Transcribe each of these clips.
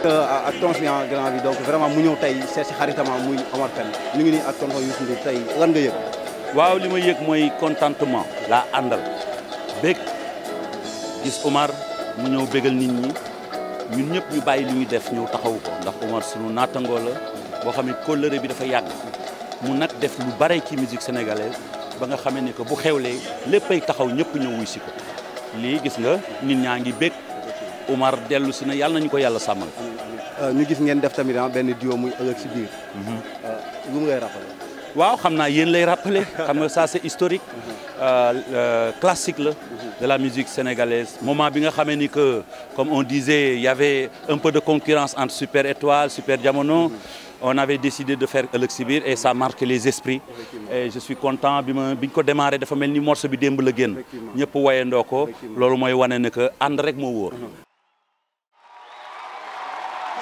ak euh, tonton en grand bi donc vraiment mu ñëw tey seet si xaritama muy Omar Pène ñu ngi nii ak tonton Youssou Ndour tey lan nga yëg waaw li ma yëg mooy kontantement laa àndal bég gis Omar mu ñëw bégal nit ñi ñun ñëpp ñu bàyyi li ñu def ñëw taxaw ko ndax Omar sunu nattangoo la boo xam ne kóllëre bi dafa yàgg mu nag def lu bare ci musique sénégalaise ba nga xamee ne que bu xewlee léppay taxaw ñëpp ñëw wuy si ko lii gis nga nit ñaa ngi bég Omar dellu sina yalla yàlla nañu ko yàlla sàmmal. Euh, ñu gis ngeen def tamit ben duo muy ëllëg si biir. Euh, lu ngay rappeler waaw xamna yeen lay rappeler xam ça c'est historique. Euh, classique de la musique sénégalaise moment bi nga xamé ni que comme on disait il y avait un peu de concurrence entre Super Étoile Super Diamono. on avait décidé de faire ëllëg et ça marque les esprits et je suis content bi ma bi ko démarré dafa melni morceau bi demb la génn ñepp woyandoo ko lolu moy wané ne que and rek mo wóor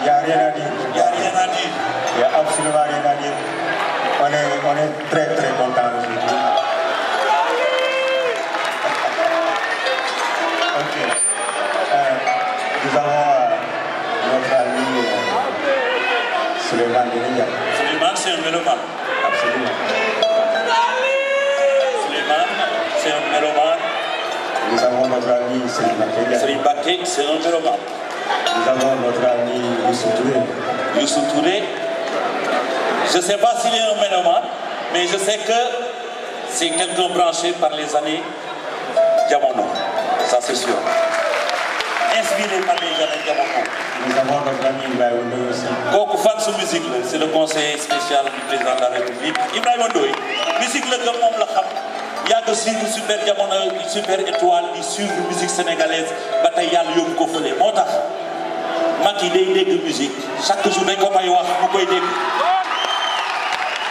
yari नाडी yari नाडी या अब yari नाडी ओने ओने त्रे त्रे बोलता हूँ okay nous avons notre ami Suleiman Guénia. Ya. Suleiman, c'est un mélomane. Absolument. Suleiman, c'est un mélomane. Nous avons notre ami Sri Bakek. Sri Bakek, c'est un mélomane. Nous avons notre ami Youssou Touré. Youssou Touré, je ne sais pas s'il est un ménomane, mais je sais que c'est quelqu'un branché par les années Diamono. Ça, c'est sûr. Inspiré par les années Diamono. Nous avons notre ami Ibrahim Ndoye aussi. Musique, c'est le conseiller spécial du président de la République. Ibrahim Ndoye, musique le l'a y a aussi suivre super une super étoile di suivre musique sénégalaise ba qui yom ko il motax tax day dégg musique chaque jour dañ ko koy wax mu koy dégg.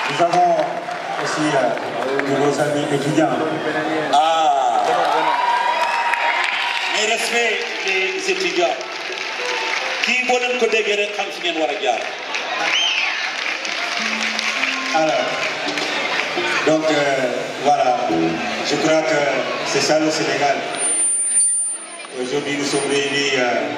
nous avons aussi euh, de nos amis étudiants. ah mais respect les étudiants qui boo nous ko quand rek xam si ngeen wara alors. Donc euh, voilà, je crois que c'est ça le Sénégal. Aujourd'hui, nous sommes réunis. Euh,